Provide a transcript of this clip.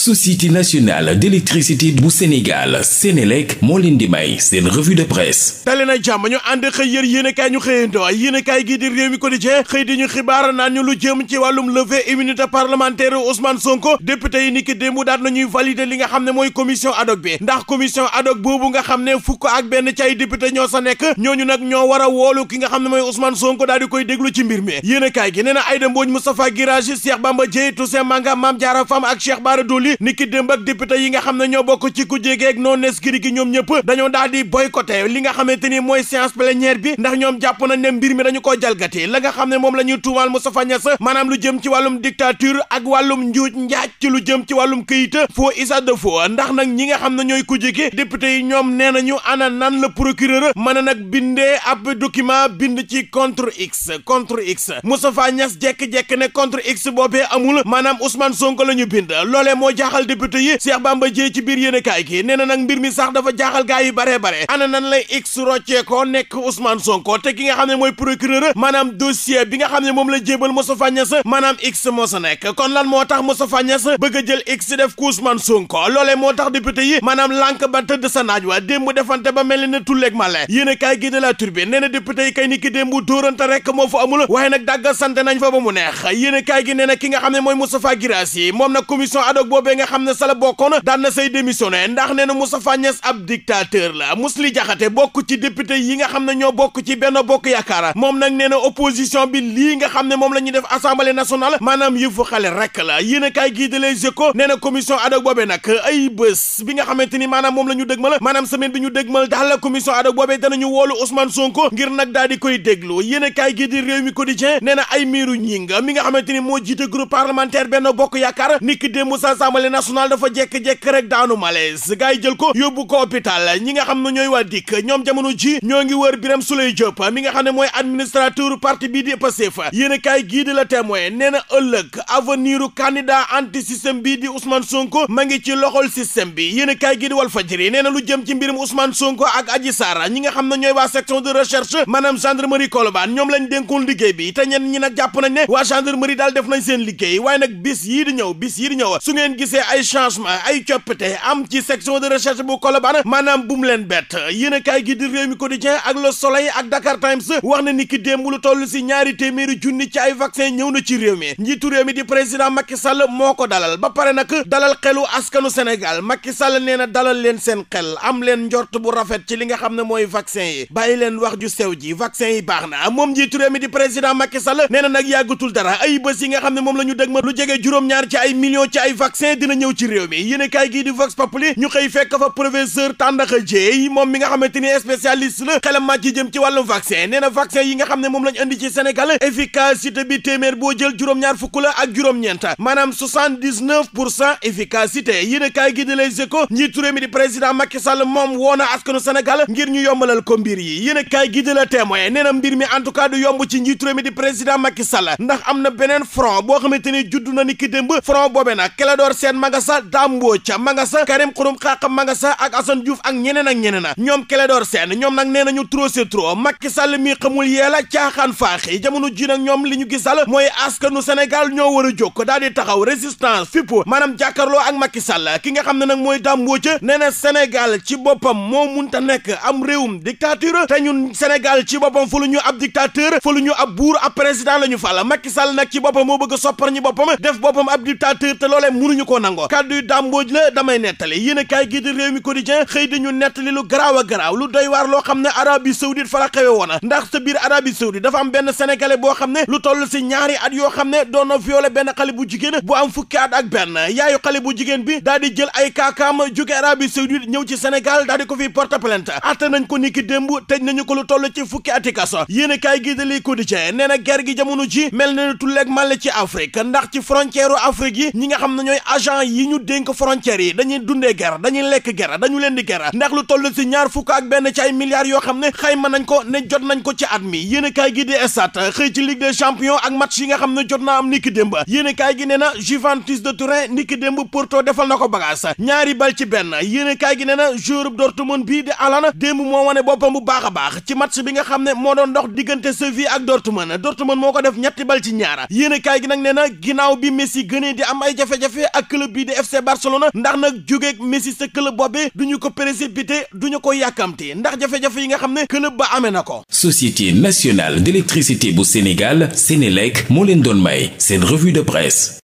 société nationale d'électricité bu Sénégal Sénélec moo leen di may seen revue de presse dali na jàmm ñu ànd xëy yër yéenekaay ñu xëyandoo yéenekaay gi di réew mi quotidien xëy di ñu xibaar naan ñu lu jëm ci wàllum levée immunité parlementaire Ousmane Sonko député yi niki démb daat nañuy valider li nga xam ne mooy commission ad hoc bi ndax commission ad boobu nga xam ne fukk ak benn ci ay député ñoo sa nekk ñooñu nag ñoo war a woolu ki nga xam ne mooy Ousmane Sonko daal di koy déglu ci mbir mi yéenekaay gi nee na Aïda Mbodj Moustapha Guirassy Cheikh Bamba Dièye bi ni démb ak député yi nga xam ne ñoo bokk ci ku jégeeg noonu eskiri gi ñoom ñëpp dañoo daal di boycotté li nga xamante ni mooy séance plénière bi ndax ñoom jàpp nañ ne mbir mi dañu koo jalgati la nga xam ne moom la ñuy tuumaal Moustapha Niass maanaam lu jëm ci wàllum dictature ak wàllum njuuj njaaj ci lu jëm ci wàllum këyit faux usage de faux ndax nag ñi nga xam ne ñooy kujje gi député yi ñoom nee nañu ana nan la procureur mën a nag bindee ab document bind ci contre x contre x Moustapha Niass jekk-jekk ne contre x boobee amul maanaam Ousmane Sonko la ñu bind jaaxal député yi Cheikh Bamba Dièye ci biir yéenekaay gi nee na mbir mi sax dafa jaaxal gaay bare bare ana nan lay x rocceekoo nekk Ousmane Sonko te ki nga xam mooy procureur maanaam dossier bi nga xam moom la jébal Moustapha Niasse maanaam x moo sa nekk kon lan moo tax Moustapha Niasse bëgg a jël x def ko Ousmane Sonko loolee moo tax député yi maanaam lànk ba tëdd sa naaj wa démb defante ba mel ni ne male yéenekaay gi gi nee na ki boobee nga xam ne sala bokkoon daan na say ndax nee na Moustapha Niass ab dictateur la Mously Diakhaté bokk ci député yi nga xam ne ñoo bokk ci benn bokk yaakaar moom nag nee na opposition bi lii nga xam ne moom la ñu def assemblée nationale maanaam yëfu xale rek la yéen a kaay gii de Les Échos nee na commission ad hoc boobee nag ay bés bi nga xamante ni maanaam moom la ñu dëgmal maanaam semaine bi ñu dëgmal daal la commission ad hoc boobee danañu woolu Ousmane Sonko ngir nag daal di koy déglu yéen a kaay gii di réew mi quotidien nee na ay miiru ñi nga mi xamante ni moo jiite groupe parlementaire benn bokk yaakaar niki assemblée nationale dafa jekk-jekk rek daanu malaise gars yi jël ko yóbbu ko hôpital ñi nga xam ne ñooy waa dikk ñoom jamono ji ñoo ngi wër Birame Souleye Diop mi nga xam ne mooy administrateur parti bii di Pastef yéen a kaay gii di la témoin nee na ëllëg avenir u candidat anti système bii di Ousmane Sonko ma ngi ci loxol système bi yéen a kaay gii di Walf Fadjri nee na lu jëm ci mbirum Ousmane Sonko ak Adji Sarr ñi nga xam ne ñooy waa section de recherche maanaam gendarmerie Colobane ñoom lañ dénkoon liggéey bi te ñenn ñi nag jàpp nañ ne waa gendarmerie daal def nañ seen liggéey waaye nag bis yii di ñëw bis yii di ci ay changement ay coppite am ci section de recherche bu Colobane maanaam bu leen bett yéen a kaay gi di réew mi quotidien ak le soleil ak Dakar Times wax na ni ki démb lu toll si ñaari téeméeri junni ci ay vaccin ñëw na ci réew mi njiitu réew mi di président Macky Sall moo ko dalal ba pare nag dalal xelu askanu Sénégal Macky Sall nee na dalal leen seen xel am leen njort bu rafet ci li nga xam ne mooy vaccin yi bàyyi leen wax ju sew ji vaccin yi baax na moom njiitu réew mi di président Macky Sall nee na nag yàggatul dara ay bés yi nga xam ne moom la ñu dëg ma lu jege juróom ci ay millions ci ay vaccin dina ñëw ci réew mi yéen kaay gii di Vox Populi ñu xëy fekk fa professeur Tandakha Dièye moom mi nga xamante ni spécialiste la xelam màcc ci jëm ci wàllu vaccin nee na vaccin yi nga xam ne moom lañ andi ci Sénégal efficacité bi téeméer boo jël juróom-ñaar fukk la ak juróom-ñeent maanaam 79 pour cent efficacité yéen kaay gii di Les Échos njiitu réew mi di président Macky Sall moom woo na askanu Sénégal ngir ñu yombalal ko mbir yi yéen kaay gii di La nee na mbir en tout cas yomb ci njiitu réew mi di président Macky Sall ndax am na beneen front boo xamante ni na Sène ma nga sa Dame Mbodj ma nga sa Karim Xurum Xax ma nga sa ak ñeneen ak ñoom Clédor Sène ñoom nag nee nañu trop c'est trop Macky Sall mi xamul yeela caaxaan faaxi jamono ji nag ñoom li ñu gisal mooy askanu Sénégal ñoo war a jóg daal di taxaw résistance fippu maanaam jàkkaarloo ak Macky Sall ki nga xam ne nag mooy Dame Mbodj nee na Sénégal ci boppam moo munta nekk am réewum dictature te ñun Sénégal ci boppam fu lu ñu ab dictateur fu ñu ab buur ab président la ñu fal Macky Sall nag ci boppam moo bëgg soppar koo nangoo kàddu dàmbooj la damay nettali yéen a kaay gii di réew mi quotidien xëy di ñu nettali lu garaaw a garaaw lu doy waar loo xam ne Arabie saoudite fa la xewe woona ndax sa biir Arabie saoudite dafa am benn sénégalais boo xam ne lu toll si ñaari at yoo xam ne doon na violé benn xale bu jigéen bu am fukki at ak benn yaayu xale bu jigéen bi daal di jël ay kaakaam jóge Arabie saoudite ñëw ci Sénégal daal di ko fi porte plainte atte nañ ko niki démb tëj nañu ko lu toll ci fukki ati kaso yéen a kaay gii di li quotidien nee na guerre gi ji mel na tulleeg màlle ci Afrique ndax ci frontière yi ñi nga xam agent yi ñu dénk frontières yi dañuy dundee ger dañuy lekk ger dañu leen di ger ndax lu toll si ñaar fukk ak benn ci ay milliards yoo xam ne xayma nañ ko ne jot nañ ko ci at mi yéenekaay gi di Stades ci Ligue des ak match yi nga xam ne jot naa am niki démb yéenekaay gi nee na Juventus de Turin niki démb Porto defal na ko bagage ñaari bal ci benn yéenekaay gi ne na joueur Dortmund bii di na démb moo wane boppam bu baax a baax ci match bi nga xam ne moo doon dox diggante Séville ak Dortmund Dortmund moo ko def ñetti bal ci ñaara yéenekaay gi nag nee na ginnaaw bi Messi gënee di am ay jafe ak club bii di FC Barcelona ndax nag jógeeg Messi sa club boobee duñu ñu ko précipité du ñu ko yàkkamti ndax jafe-jafe yi nga xam ne club ba amee na ko. Société nationale d'électricité bu Sénégal Sénélec moo leen doon may seen revue de presse.